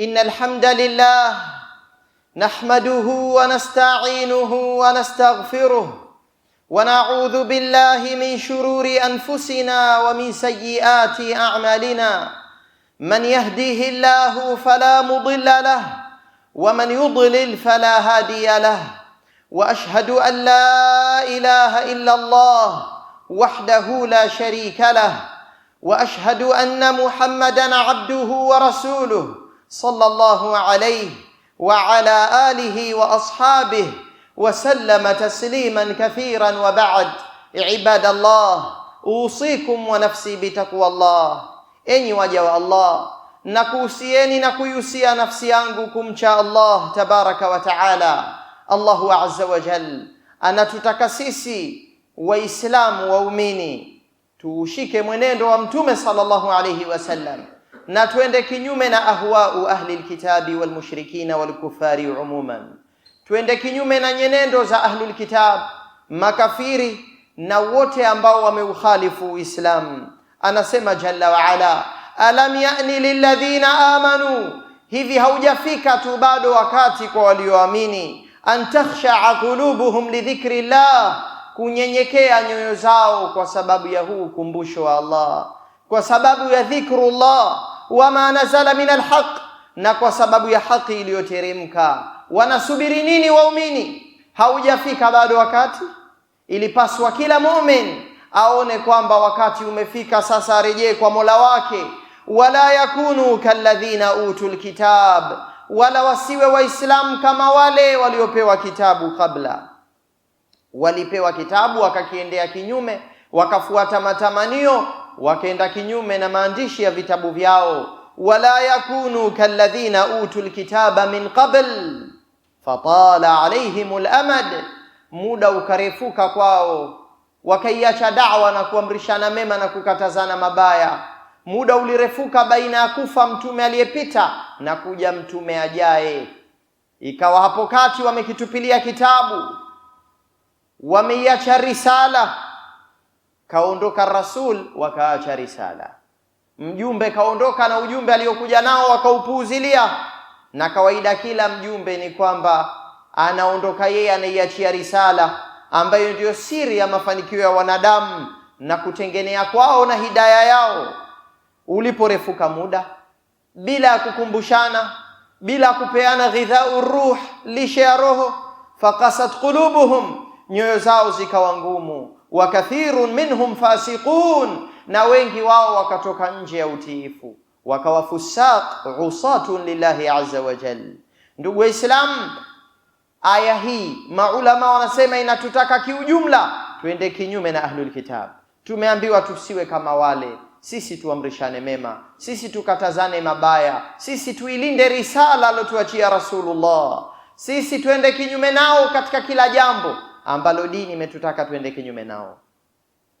إن الحمد لله نحمده ونستعينه ونستغفره ونعوذ بالله من شرور أنفسنا ومن سيئات أعمالنا من يهديه الله فلا مضل له ومن يضلل فلا هادي له وأشهد أن لا إله إلا الله وحده لا شريك له وأشهد أن محمدا عبده ورسوله صلى الله عليه وعلى اله واصحابه وسلم تسليما كثيرا وبعد عباد الله اوصيكم ونفسي بتقوى الله اني وجه الله نكوسيني نكوسي نفسي انكم شاء الله تبارك وتعالى الله عز وجل انا تتكسيسي واسلام واميني توشيك منين وامتومي صلى الله عليه وسلم na twende kinyume na ahwau ahli lkitabi walmushrikina walkufari umuman, twende kinyume na nyenendo za lkitab makafiri na wote ambao wameukhalifu uislam Anasema jalla waala, alam yani lilladhina amanu, hivi haujafika tu bado wakati kwa walioamini, an takhshaa qulubuhum lidhikri llah, kunyenyekea nyoyo zao kwa sababu ya huu ukumbusho wa Allah, kwa sababu ya dhikrullah ma nazala min alhaq, na kwa sababu ya haki iliyoteremka. Wanasubiri nini waumini? Haujafika bado wakati. Ilipaswa kila mumin aone kwamba wakati umefika, sasa arejee kwa mola wake. Wala yakunu kalladhina utul kitab, wala wasiwe Waislamu kama wale waliopewa kitabu kabla walipewa kitabu wakakiendea kinyume, wakafuata matamanio wakaenda kinyume na maandishi ya vitabu vyao, wala yakunu kalladhina utul kitaba min qabl fatala alayhim alamad, muda ukarefuka kwao, wakaiacha da'wa na kuamrishana mema na kukatazana mabaya. Muda ulirefuka baina ya kufa mtume aliyepita na kuja mtume ajaye, ikawa hapo kati wamekitupilia kitabu, wameiacha risala kaondoka rasul, wakaacha risala. Mjumbe kaondoka na ujumbe aliokuja nao wakaupuuzilia. Na kawaida kila mjumbe ni kwamba anaondoka yeye, anaiachia risala ambayo ndiyo siri ya mafanikio ya wanadamu na kutengenea kwao na hidaya yao. Uliporefuka muda bila ya kukumbushana, bila ya kupeana ghidhau ruh, lishe ya roho, fakasat qulubuhum, nyoyo zao zikawa ngumu wa kathirun minhum fasiqun, na wengi wao wakatoka nje ya utiifu wakawa fusaq usatun lillahi azza wa jal. Ndugu Waislamu, aya hii maulama wanasema inatutaka kiujumla tuende kinyume na ahlul kitab. Tumeambiwa tusiwe kama wale, sisi tuamrishane mema, sisi tukatazane mabaya, sisi tuilinde risala aliyotuachia Rasulullah, sisi tuende kinyume nao katika kila jambo ambalo dini imetutaka tuende kinyume nao.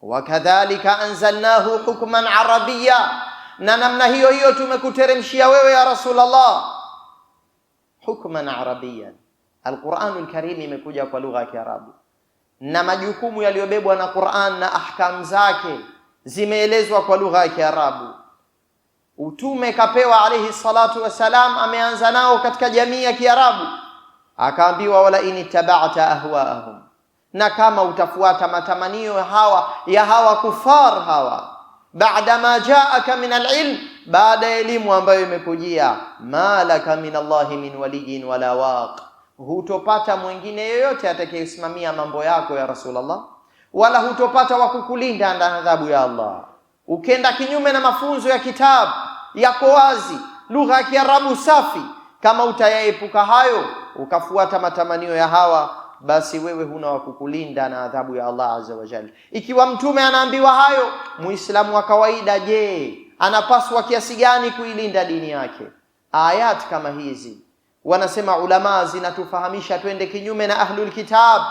Wakadhalika anzalnahu hukman arabia, na namna hiyo hiyo tumekuteremshia wewe ya Rasulullah hukman arabiyan. Alquranul Karim imekuja kwa lugha ya Kiarabu na majukumu yaliyobebwa na Qur'an na ahkam zake zimeelezwa kwa lugha ya Kiarabu. Utume kapewa alayhi salatu wassalam, ameanza nao katika jamii ya Kiarabu, akaambiwa wala in tabata ahwaahum na kama utafuata matamanio hawa ya hawa kufar hawa baada ma jaaka min alilm, baada ya elimu ambayo imekujia, malaka min Allahi min waliyin wala waq, hutopata mwingine yoyote atakayesimamia mambo yako ya Rasulullah, wala hutopata wa kukulinda na adhabu ya Allah. Ukenda kinyume na mafunzo ya kitabu yako wazi, lugha ya Kiarabu safi, kama utayaepuka hayo ukafuata matamanio ya hawa basi wewe huna wa kukulinda na adhabu ya Allah azza wa jalla. Ikiwa mtume anaambiwa hayo, muislamu wa kawaida, je, anapaswa kiasi gani kuilinda dini yake? Ayat kama hizi wanasema ulama zinatufahamisha twende kinyume na ahlul kitab,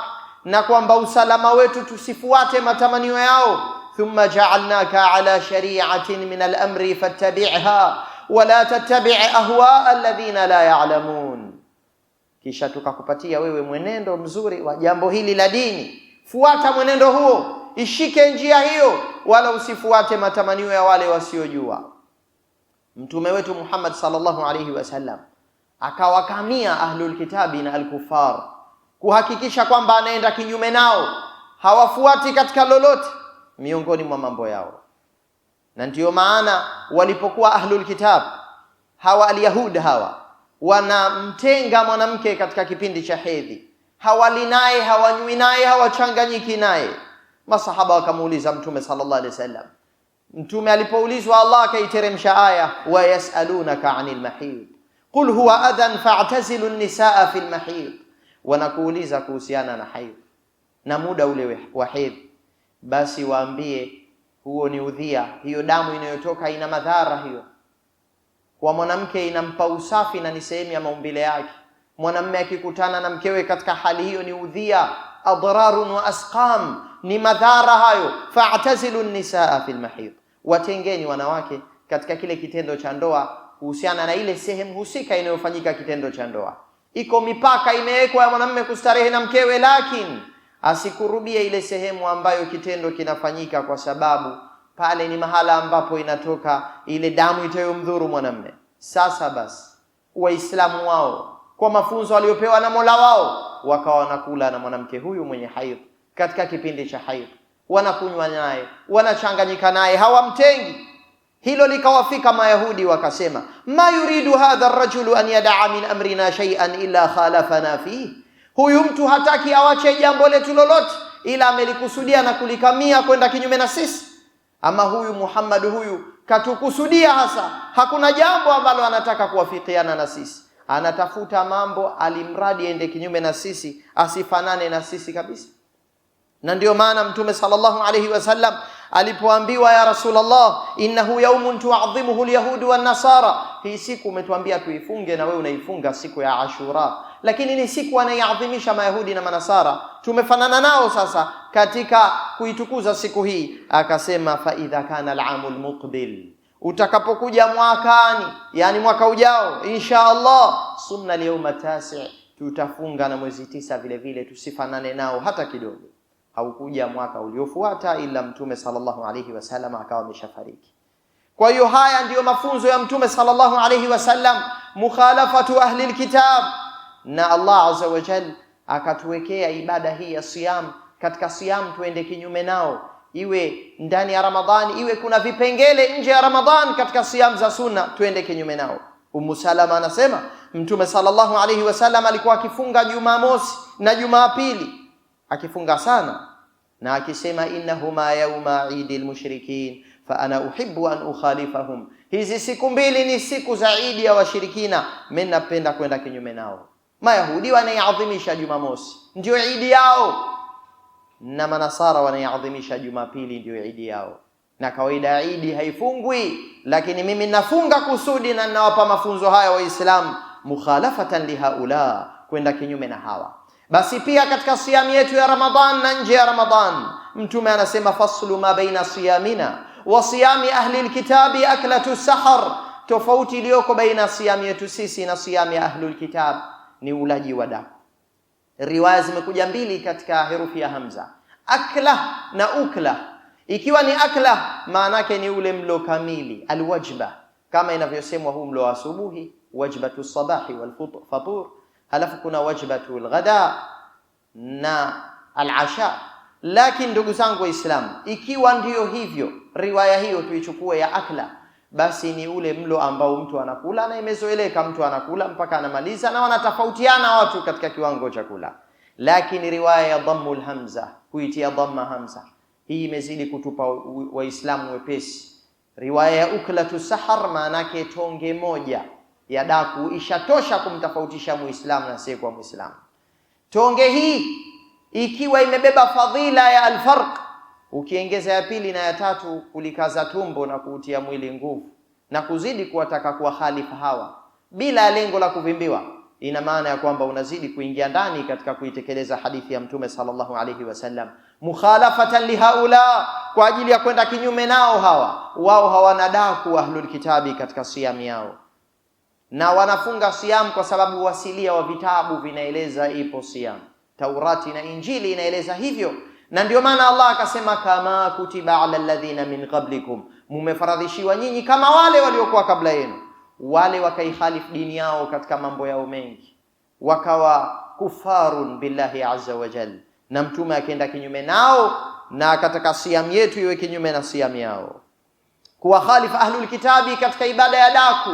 na kwamba usalama wetu tusifuate matamanio yao. Thumma ja'alnaka ala shari'atin min al-amri fattabi'ha wa la tattabi' ahwa alladhina la ya'lamun kisha tukakupatia wewe mwenendo mzuri wa jambo hili la dini. Fuata mwenendo huo, ishike njia hiyo, wala usifuate matamanio ya wale wasiojua. Mtume wetu Muhammad sallallahu alaihi wasallam akawakamia ahlulkitabi na alkufar kuhakikisha kwamba anaenda kinyume nao, hawafuati katika lolote miongoni mwa mambo yao, na ndiyo maana walipokuwa ahlulkitab hawa alyahud hawa wanamtenga mwanamke katika kipindi cha hedhi, hawali naye, hawanywi naye, hawachanganyiki naye. Masahaba wakamuuliza Mtume sallallahu alaihi wasallam. Mtume alipoulizwa, Allah akaiteremsha aya, wa yasalunaka anil mahid qul huwa adhan fa'tazilu nisaa fil mahid, wanakuuliza kuhusiana na haidh na muda ule wa hedhi, basi waambie huo ni udhia, hiyo damu inayotoka ina madhara hiyo kwa mwanamke inampa usafi na ni sehemu ya maumbile yake. Mwanamme akikutana na mkewe katika hali hiyo ni udhia, adrarun wa asqam, ni madhara hayo. Fa'tazilu nisaa fi mahid, watengeni wanawake katika kile kitendo cha ndoa, kuhusiana na ile sehemu husika inayofanyika kitendo cha ndoa. Iko mipaka imewekwa ya mwanamme kustarehe na mkewe, lakini asikurubie ile sehemu ambayo kitendo kinafanyika kwa sababu pale ni mahala ambapo inatoka ile damu itayomdhuru mwanamme. Sasa basi, Waislamu wao kwa mafunzo waliopewa na Mola wao wakawa wanakula na mwanamke huyu mwenye haidh katika kipindi cha haidh, wanakunywa naye, wanachanganyika naye, hawamtengi. Hilo likawafika Mayahudi wakasema, ma yuridu hadha rajulu an yadaa min amrina shay'an illa khalafana fihi, huyu mtu hataki awache jambo letu lolote, ila amelikusudia na kulikamia kwenda kinyume na sisi ama huyu Muhammad huyu katukusudia hasa, hakuna jambo ambalo anataka kuwafikiana na sisi, anatafuta mambo alimradi ende kinyume na sisi, asifanane na sisi kabisa. Na ndiyo maana Mtume sallallahu alayhi wasallam alipoambiwa, ya Rasulullah, innahu yaumun tuadhimuhu lyahudu wannasara hii siku umetuambia tuifunge na wewe unaifunga siku ya Ashura, lakini ni siku anaiadhimisha Mayahudi na Manasara. Tumefanana nao sasa katika kuitukuza siku hii. Akasema, fa idha kana al-amul muqbil, utakapokuja mwakani, yani mwaka ujao insha Allah, sumna al-yawma tasi, tutafunga na mwezi tisa vile vile, tusifanane nao hata kidogo. Haukuja mwaka uliofuata, ila Mtume sallallahu alayhi wasallam akawa ameshafariki. Kwa hiyo haya ndiyo mafunzo ya Mtume sallallahu alayhi wasallam, mukhalafatu ahli lkitab. Na Allah azza wa jal akatuwekea ibada hii ya siyam, katika siyam tuende kinyume nao, iwe ndani ya Ramadhani, iwe kuna vipengele nje ya Ramadhani katika siyam za sunna, tuende kinyume nao. Ummu Salama anasema Mtume sallallahu alayhi wasallam alikuwa akifunga Jumamosi na Jumapili, akifunga sana na akisema, innahuma yauma idil mushrikin fa ana uhibbu an ukhalifahum. Hizi siku mbili ni siku za idi ya washirikina, mimi napenda kwenda kinyume nao. Mayahudi wanaiadhimisha Jumamosi, ndio idi yao, na manasara wanaiadhimisha Jumapili, ndio idi yao. Na kawaida idi haifungwi, lakini mimi nafunga kusudi na ninawapa mafunzo haya Waislamu, mukhalafatan lihaula, kwenda kinyume na hawa. Basi pia katika siamu yetu ya Ramadhan na nje ya Ramadhan, Mtume anasema faslu ma baina siyamina wa siyami ahli lkitabi aklatu sahar, tofauti iliyoko baina ya siyami yetu sisi na siyami ya ahli lkitab ni ulaji wa damu Riwaya zimekuja mbili katika herufi ya hamza, akla na ukla. Ikiwa ni akla, maanake ni ule mlo kamili, alwajba, kama inavyosemwa huu mlo wa asubuhi, wajbatu sabahi wal Halafu kuna wajbatu lghada na alasha lakini ndugu zangu Waislamu, ikiwa ndiyo hivyo, riwaya hiyo tuichukue ya akla, basi ni ule mlo ambao mtu anakula na imezoeleka, mtu anakula mpaka anamaliza, na wanatofautiana watu katika kiwango cha kula. Lakini riwaya ya dhammul hamza, kuitia dhamma hamza, hii imezidi kutupa Waislamu wepesi. Riwaya ya uklatu sahar, maanake tonge moja ya daku ishatosha kumtofautisha Muislamu na asiyekuwa Muislamu. Tonge hii ikiwa imebeba fadhila ya alfarq, ukiongeza ya pili na ya tatu, kulikaza tumbo na kuutia mwili nguvu na kuzidi kuwataka kuwa khalifa hawa bila lengo la kuvimbiwa, ina maana ya kwamba unazidi kuingia ndani katika kuitekeleza hadithi ya Mtume sallallahu alayhi wasallam, mukhalafatan lihaula, kwa ajili ya kwenda kinyume nao hawa. Wao hawana daku ahlul kitabi katika siamu yao, na wanafunga siamu kwa sababu wasilia wa vitabu vinaeleza ipo siamu Taurati na Injili inaeleza hivyo, na ndio maana Allah akasema, kama kutiba ala alladhina min qablikum, mumefaradhishiwa nyinyi kama wale waliokuwa kabla yenu. Wale wakaihalif dini yao katika mambo yao mengi, wakawa kufarun billahi azza wa jal, na mtume akaenda kinyume nao na akataka siam yetu iwe kinyume na siamu yao, kuwahalifu ahlul kitabi katika ibada ya daku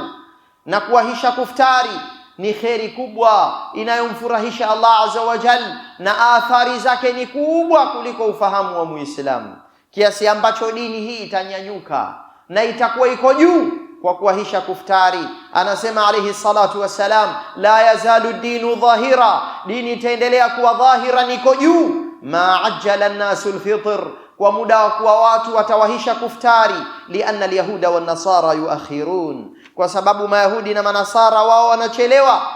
na kuwahisha kuftari ni kheri kubwa inayomfurahisha Allah azza wa jal, na athari zake ni kubwa kuliko ufahamu wa Muislamu, kiasi ambacho dini hii itanyanyuka na itakuwa iko juu kwa kuwahisha kuftari. Anasema alayhi salatu wassalam, la yazalu dinu dhahira, dini itaendelea kuwa dhahira, niko juu. Ma ajjala nnasu lfitr, kwa muda wa kuwa watu watawahisha kuftari. Lianna lyahuda wannasara yuakhirun kwa sababu Mayahudi na Manasara wao wanachelewa,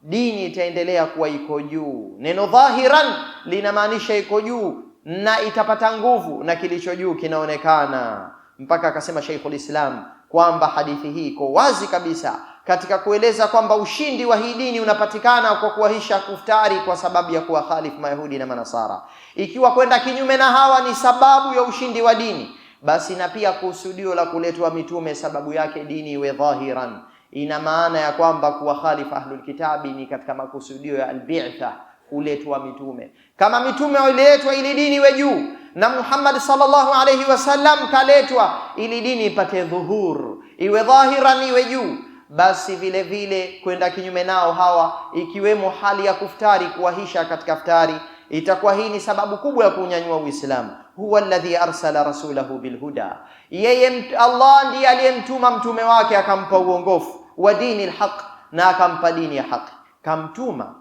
dini itaendelea kuwa iko juu. Neno dhahiran linamaanisha iko juu na itapata nguvu na kilicho juu kinaonekana. Mpaka akasema Sheikhul Islam kwamba hadithi hii iko wazi kabisa katika kueleza kwamba ushindi wa hii dini unapatikana kwa kuwahisha kuftari kwa sababu ya kuwakhalifu Mayahudi na Manasara. Ikiwa kwenda kinyume na hawa ni sababu ya ushindi wa dini basi na pia kusudio la kuletwa mitume sababu yake dini iwe dhahiran, ina maana ya kwamba khalifa ahlul kitabi ni katika makusudio ya albitha, kuletwa mitume. Kama mitume waliletwa ili dini iwe juu, na Muhammad sallallahu alayhi wasallam kaletwa ili dini ipate dhuhur, iwe dhahiran, iwe juu, basi vile vile kwenda kinyume nao hawa, ikiwemo hali ya kuftari, kuwahisha katika ftari, itakuwa hii ni sababu kubwa ya kunyanyua Uislamu huwa alladhi arsala rasulahu bilhuda, yeye Allah ndiye aliyemtuma mtume wake akampa uongofu wa dini lhaq, na akampa dini ya haqi. Kamtuma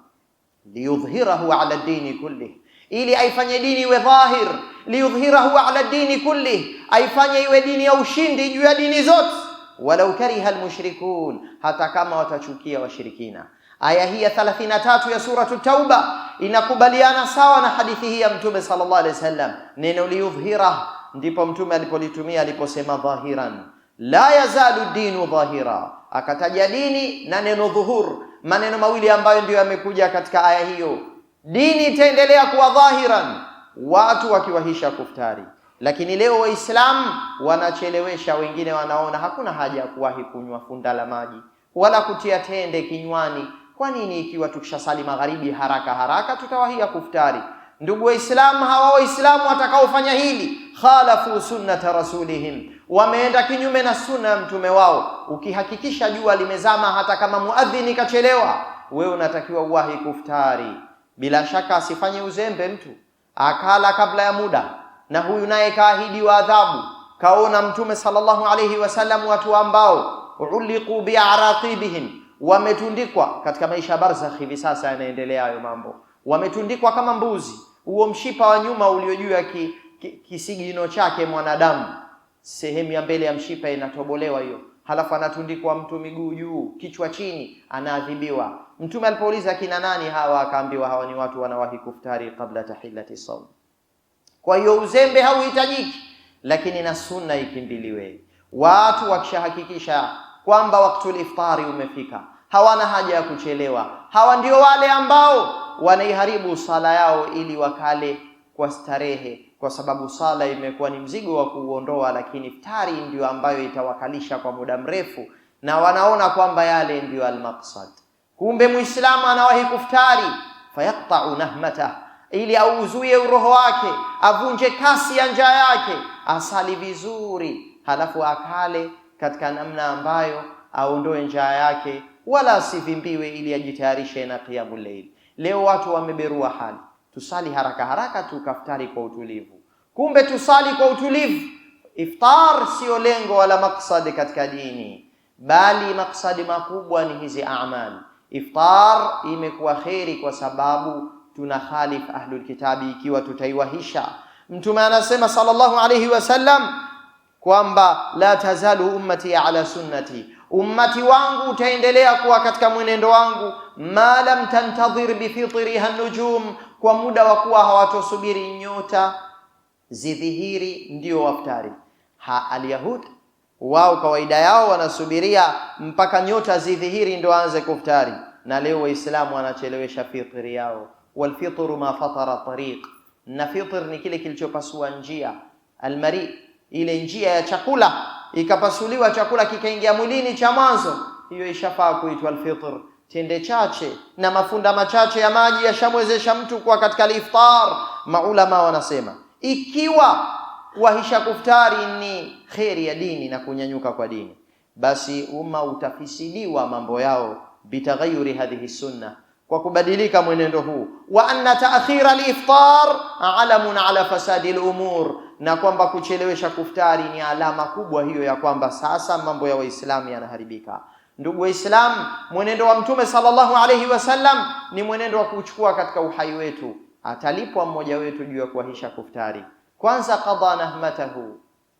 liyudhhirahu ala dini kullih, ili aifanye dini iwe dhahir. Liyudhhirahu ala dini kullih, aifanye iwe dini ya ushindi juu ya dini zote. Walau kariha almushrikun, hata kama watachukia washirikina Aya hii ya 33 ya suratu Tauba inakubaliana sawa na hadithi hii ya Mtume sallallahu alaihi wasallam. Neno liyudhhira ndipo Mtume alipolitumia aliposema dhahiran la yazalu dinu dhahira, akataja dini na neno dhuhur, maneno mawili ambayo ndiyo yamekuja katika aya hiyo. Dini itaendelea kuwa dhahiran, watu wakiwahisha kuftari. Lakini leo Waislamu wanachelewesha, wengine wanaona hakuna haja ya kuwahi kunywa funda la maji wala kutia tende kinywani kwa nini ikiwa tukishasali magharibi haraka haraka tutawahia kuftari? Ndugu Waislamu, hawa Waislamu watakaofanya hili khalafu sunnata rasulihim, wameenda kinyume na sunna ya mtume wao. Ukihakikisha jua limezama, hata kama muadhini kachelewa, wewe unatakiwa uwahi kuftari. Bila shaka asifanye uzembe mtu akala kabla ya muda, na huyu naye kaahidiwa adhabu. Kaona Mtume sallallahu alayhi wasallam watu ambao uliqu biaraqibihim wametundikwa katika maisha ya barzakh. Hivi sasa yanaendelea hayo mambo, wametundikwa kama mbuzi. Huo mshipa wa nyuma ulio juu ya ki, ki, kisigino chake mwanadamu, sehemu ya mbele ya mshipa inatobolewa hiyo, halafu anatundikwa mtu miguu juu, kichwa chini, anaadhibiwa. Mtume alipouliza kina nani hawa, akaambiwa hawa ni watu wanawahi kuftari kabla tahillati saum. Kwa hiyo uzembe hauhitajiki, lakini na sunna ikimbiliwe. Watu wakishahakikisha kwamba wakati iftari umefika, hawana haja ya kuchelewa. Hawa ndio wale ambao wanaiharibu sala yao ili wakale kwa starehe, kwa sababu sala imekuwa ni mzigo wa kuuondoa, lakini iftari ndio ambayo itawakalisha kwa muda mrefu, na wanaona kwamba yale ndiyo almaksad. Kumbe Muislamu anawahi kuftari fayaktau nahmatah, ili auzuie uroho wake, avunje kasi ya njaa yake, asali vizuri, halafu akale katika namna ambayo aondoe njaa yake wala asivimbiwe, ili ajitayarishe na qiyamu layl. Leo watu wameberua hali, tusali haraka haraka tukaftari kwa utulivu, kumbe tusali kwa utulivu. Iftar siyo lengo wala maksadi katika dini, bali maksadi makubwa ni hizi amali. Iftar imekuwa kheri kwa sababu tuna khalif ahlul kitabi, ikiwa tutaiwahisha. Mtume anasema sallallahu alayhi wasallam kwamba la tazalu ummati ala sunnati, ummati wangu utaendelea kuwa katika mwenendo wangu, ma lam tantadhir bifitiriha nujum, kwa muda wa kuwa hawatosubiri nyota zidhihiri ndio waftari. Ha, alyahud wao kawaida yao wanasubiria mpaka nyota zidhihiri ndio aanze kuftari, na leo Waislamu wanachelewesha fitri yao. Walfitru ma fatara tariq, na fitr ni kile kilichopasua njia almari ile njia ya chakula ikapasuliwa, chakula kikaingia mwilini cha mwanzo, hiyo ishafaa kuitwa alfitr. Tende chache na mafunda machache ya maji yashamwezesha mtu kuwa katika iftar. Maulama wanasema ikiwa wahisha kuftari ni kheri ya dini na kunyanyuka kwa dini, basi umma utafisidiwa mambo yao bitaghayuri hadhihi sunna kwa kubadilika mwenendo huu, wa anna ta'khira al-iftar alamun ala fasadi al-umur, na kwamba kuchelewesha kuftari ni alama kubwa hiyo ya kwamba sasa mambo ya Waislamu yanaharibika. Ndugu waislam mwenendo wa Mtume sallallahu alayhi wasallam ni mwenendo wa kuchukua katika uhai wetu. Atalipwa mmoja wetu juu ya kuahisha kuftari. Kwanza, qada nahmatahu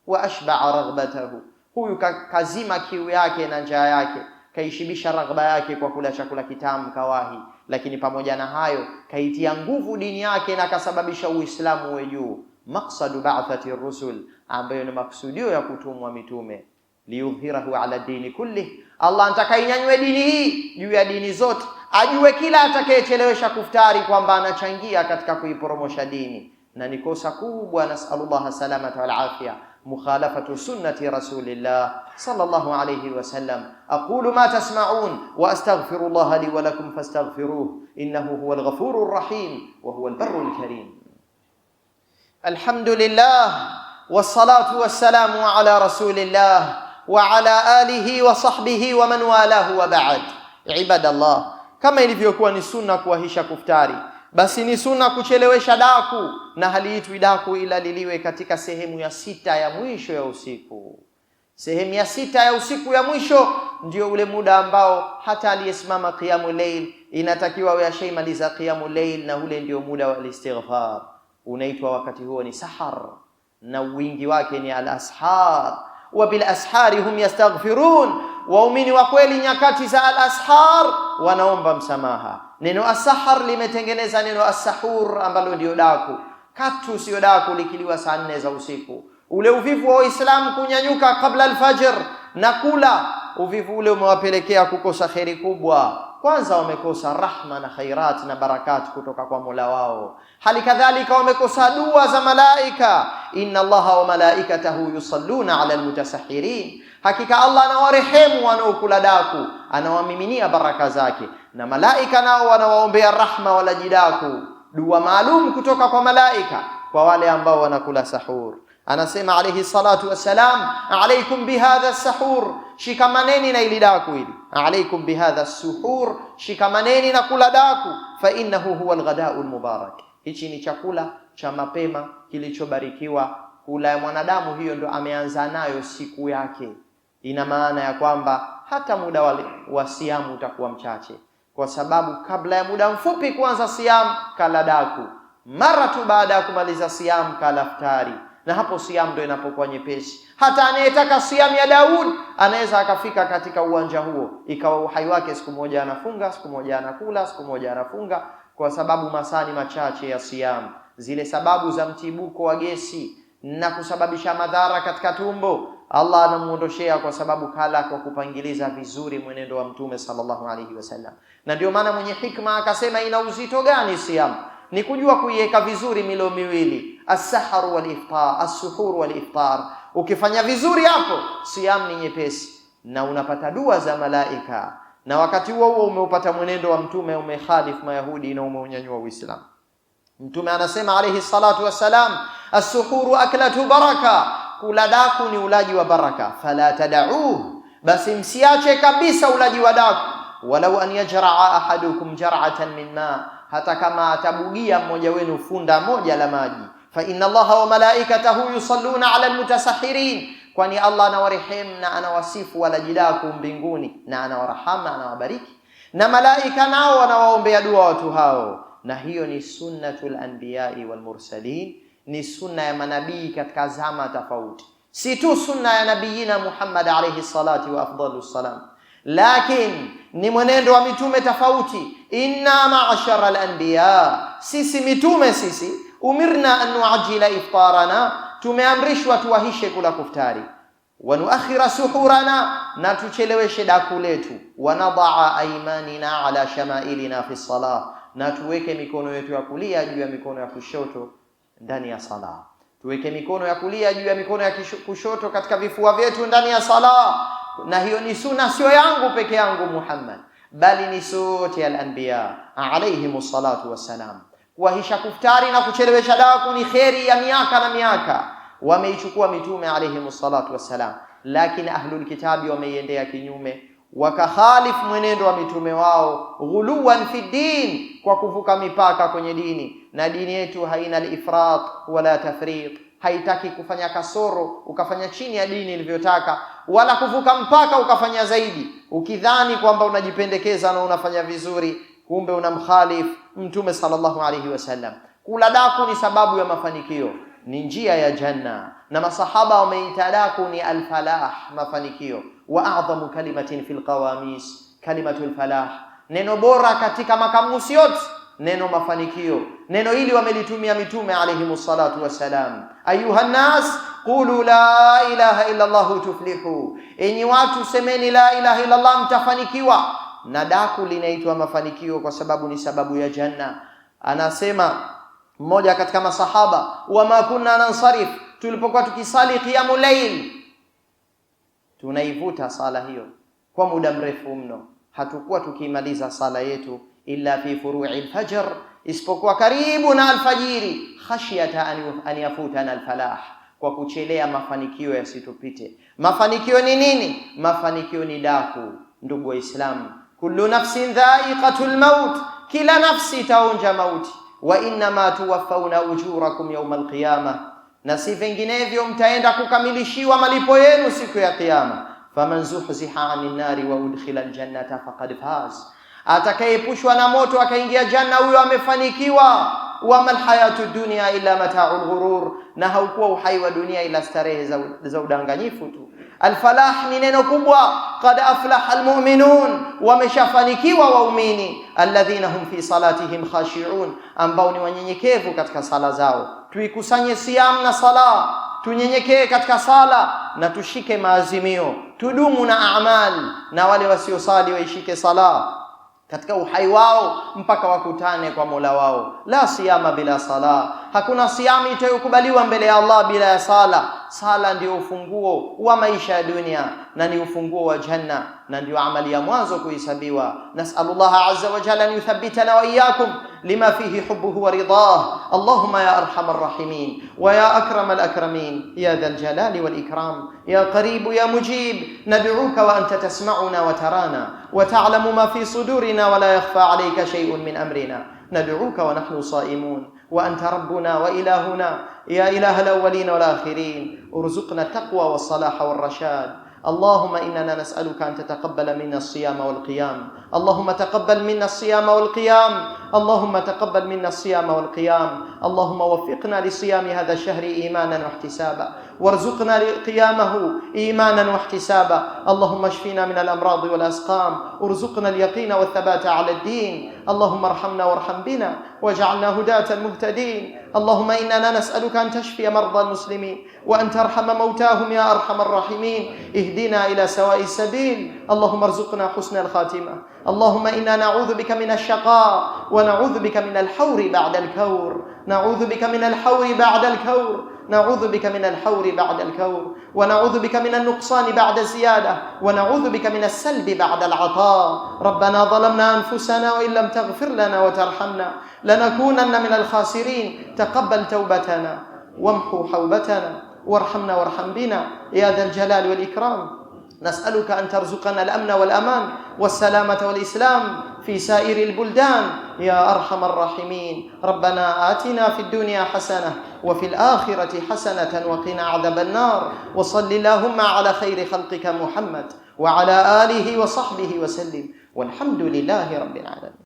wa ashbaa raghbatahu, huyu kazima kiu yake na njaa yake, kaishibisha raghba yake kwa kula chakula kitamu kawahi lakini pamoja na hayo kaitia nguvu dini yake na akasababisha Uislamu uwe juu. Maksadu ba'thati rusul, ambayo ni maksudio ya kutumwa mitume. Liyudhhirahu ala dini kulli, Allah anataka inyanywe dini hii juu ya dini zote, ajue kila atakayechelewesha kuftari kwamba anachangia katika kuiporomosha dini, na ni kosa kubwa. Nasalullah salamata wal afia مخالفة سنة رسول الله صلى الله عليه وسلم أقول ما تسمعون وأستغفر الله لي ولكم فاستغفروه إنه هو الغفور الرحيم وهو البر الكريم الحمد لله والصلاة والسلام على رسول الله وعلى آله وصحبه ومن والاه وبعد عباد الله كما ilivyokuwa ni sunna kuwahisha كفتاري basi ni suna kuchelewesha daku, na haliitwi daku ila liliwe katika sehemu ya sita ya mwisho ya usiku. Sehemu ya sita ya usiku ya mwisho ndio ule muda ambao hata aliyesimama qiyamu leil inatakiwa we ashaimaliza qiyamu leil, na ule ndio muda wa istighfar unaitwa wakati huo ni sahar, na wingi wake ni al ashar, wa bil ashari hum yastaghfirun waumini wa kweli nyakati za al-ashar wanaomba msamaha. Neno asahar limetengeneza neno asahur ambalo ndio daku. Katu sio daku likiliwa saa nne za usiku. Ule uvivu wa Uislamu kunyanyuka kabla alfajr na kula, uvivu ule umewapelekea kukosa kheri kubwa. Kwanza wamekosa rahma na khairat na barakati kutoka kwa Mola wao. Hali kadhalika wamekosa dua za malaika, inna Allaha wa malaikatahu yusalluna ala almutasahirin Hakika Allah anawarehemu wanaokula daku, anawamiminia baraka zake, na malaika nao wanawaombea rahma walajidaku. Dua maalum kutoka kwa malaika kwa wale ambao wanakula sahur. Anasema alayhi salatu wassalam, alaikum bihadha sahur, shikamaneni na ili daku hili. Alaikum bihadha suhur, shikamaneni na kula daku. Fa innahu huwa alghadau almubarak, hichi ni chakula cha mapema kilichobarikiwa. Kula ya mwanadamu hiyo ndo ameanza nayo siku yake ina maana ya kwamba hata muda wa, siamu utakuwa mchache, kwa sababu kabla ya muda mfupi kuanza siamu kala daku, mara tu baada ya kumaliza siamu kala iftari, na hapo siamu ndio inapokuwa nyepesi. Hata anayetaka siamu ya Daud anaweza akafika katika uwanja huo, ikawa uhai wake siku moja anafunga, siku moja anakula, siku moja anafunga, kwa sababu masaa ni machache ya siamu. Zile sababu za mtibuko wa gesi na kusababisha madhara katika tumbo, Allah anamuondoshea kwa sababu kala kwa kupangiliza vizuri mwenendo wa Mtume sallallahu alaihi wasallam. Na ndio maana mwenye hikma akasema ina uzito gani siam? Ni kujua kuiweka vizuri milo miwili, as-sahar wal iftar, as-suhur wal iftar. Ukifanya vizuri hapo, siam ni nyepesi na unapata dua za malaika, na wakati huo huo umeupata mwenendo wa Mtume, umehalifu Mayahudi na umeunyanyua Uislamu. Mtume anasema alayhi salatu wassalam, assuhuru aklatu baraka, kula daku ni ulaji wa baraka. Fala tadauhu, basi msiache kabisa ulaji wa daku. Walau an yajraa ahadukum jar'atan min ma, hata kama atabugia mmoja wenu funda moja la maji. Fa inna Allaha wa malaikatahu yusalluna ala almutasahirin, kwani Allah anawarehemu na anawasifu walaji daku mbinguni, na anawarahama anawabariki, na malaika nao wanawaombea dua watu hao na hiyo ni sunnatul anbiyai wal mursalin, ni sunna ya manabii katika zama tofauti, si tu sunna ya nabiyina Muhammad alayhi salati wa afdalu salam, lakini ni mwenendo wa mitume tofauti. Inna ma'ashara al-anbiya, sisi mitume sisi, umirna an nuajila iftarana, tumeamrishwa tuwahishe kula kuftari wa nuakhira suhurana, na tucheleweshe daku letu. Wanadaa aimanina ala shamailina fi salah na tuweke mikono yetu ya kulia juu ya mikono ya kushoto ndani ya sala. Tuweke mikono ya kulia juu ya mikono ya kushoto katika vifua vyetu ndani ya sala, na hiyo ni sunna, sio yangu peke yangu Muhammad, bali ni sote al-anbiya alayhim salatu wassalam. Kuwahisha kuftari na kuchelewesha daku ni kheri ya miaka na miaka, wameichukua mitume alayhim salatu wassalam, lakini ahlul kitabi wameiendea kinyume wakakhalifu mwenendo wa mitume wao, ghuluwan fi din, kwa kuvuka mipaka kwenye dini. Na dini yetu haina al-ifrat wala tafrit, haitaki kufanya kasoro ukafanya chini ya dini ilivyotaka, wala kuvuka mpaka ukafanya zaidi, ukidhani kwamba unajipendekeza na unafanya vizuri, kumbe unamkhalifu mtume sallallahu alayhi wasallam. Kula daku ni sababu ya mafanikio, ni njia ya janna, na masahaba wameita daku ni alfalah, mafanikio wa adhamu kalimatin fil qawamis kalimatul falah, neno bora katika makamusi yote neno mafanikio. Neno hili wamelitumia mitume alayhimu salatu wassalam, ayuha nas qulu la ilaha illa Allah tuflihu, enyi watu semeni la ilaha illa Allah mtafanikiwa. Na daku linaitwa mafanikio kwa sababu ni sababu ya janna. Anasema mmoja katika masahaba, wama kunna nansarif, tulipokuwa tukisali qiyamul lail tunaivuta sala hiyo kwa muda mrefu mno, hatukuwa tukimaliza sala yetu illa fi furu'i alfajr, isipokuwa karibu na alfajiri, khashyata an yafutana alfalah, kwa kuchelea mafanikio yasitupite. Mafanikio ni nini? Mafanikio ni daku, ndugu Waislamu. Kullu nafsin dha'iqatul maut, kila nafsi itaonja mauti. Wa innama tuwaffawna ujurakum yawma alqiyamah na si vinginevyo mtaenda kukamilishiwa malipo yenu siku ya Kiyama. faman zuhziha anin nari wa udkhila aljannata faqad faz, atakayeepushwa na moto akaingia janna, huyo amefanikiwa. wama lhayatu dunia illa matau lghurur, na haukuwa uhai wa dunia ila starehe za, za udanganyifu tu. Alfalah ni neno kubwa. Qad aflaha almu'minun, wameshafanikiwa waumini. Alladhina hum fi salatihim khashi'un, ambao ni wanyenyekevu katika sala zao tuikusanye siam na sala, tunyenyekee katika sala na tushike maazimio, tudumu na amali, na wale wasiosali waishike sala katika uhai wao mpaka wakutane kwa Mola wao. La siyama bila sala, hakuna siamu itayokubaliwa mbele ya Allah bila ya sala. sala ndio ufunguo wa maisha ya dunia na ni ufunguo wa janna na ndio amali ya mwanzo kuhesabiwa nasalullah azza wa jalla an yuthabbitana wa iyyakum lima fihi hubbuhu wa ridah allahumma ya arhamar rahimin wa ya akramal akramin ya dhal jalali wal ikram ya qarib ya mujib nad'uka wa anta tasma'una wa tarana wa ta'lamu ma fi sudurina wa la yakhfa 'alayka shay'un min amrina nad'uka wa nahnu sa'imun وأنت ربنا وإلهنا يا إله الأولين والآخرين ارزقنا التقوى والصلاح والرشاد اللهم إننا نسألك أن تتقبل منا الصيام والقيام اللهم تقبل منا الصيام والقيام اللهم تقبل منا الصيام والقيام اللهم وفقنا لصيام هذا الشهر إيمانا واحتسابا وارزقنا لقيامه إيمانا واحتسابا اللهم اشفنا من الأمراض والأسقام ارزقنا اليقين والثبات على الدين اللهم ارحمنا وارحم بنا واجعلنا هداة مهتدين اللهم إننا نسألك أن تشفي مرضى المسلمين وأن ترحم موتاهم يا أرحم الراحمين اهدنا إلى سواء السبيل اللهم ارزقنا حسن الخاتمة اللهم إنا نعوذ بك من الشقاء ونعوذ بك من الحور بعد الكور نعوذ بك من الحور بعد الكور نعوذ بك من الحور بعد الكور ونعوذ بك من النقصان بعد الزيادة ونعوذ بك من السلب بعد العطاء ربنا ظلمنا أنفسنا وإن لم تغفر لنا وترحمنا لنكونن من الخاسرين تقبل توبتنا وامحو حوبتنا وارحمنا وارحم بنا يا ذا الجلال والإكرام نسألك أن ترزقنا الأمن والأمان والسلامة والإسلام في سائر البلدان يا أرحم الراحمين ربنا آتنا في الدنيا حسنة وفي الآخرة حسنة وقنا عذاب النار وصل اللهم على خير خلقك محمد وعلى آله وصحبه وسلم والحمد لله رب العالمين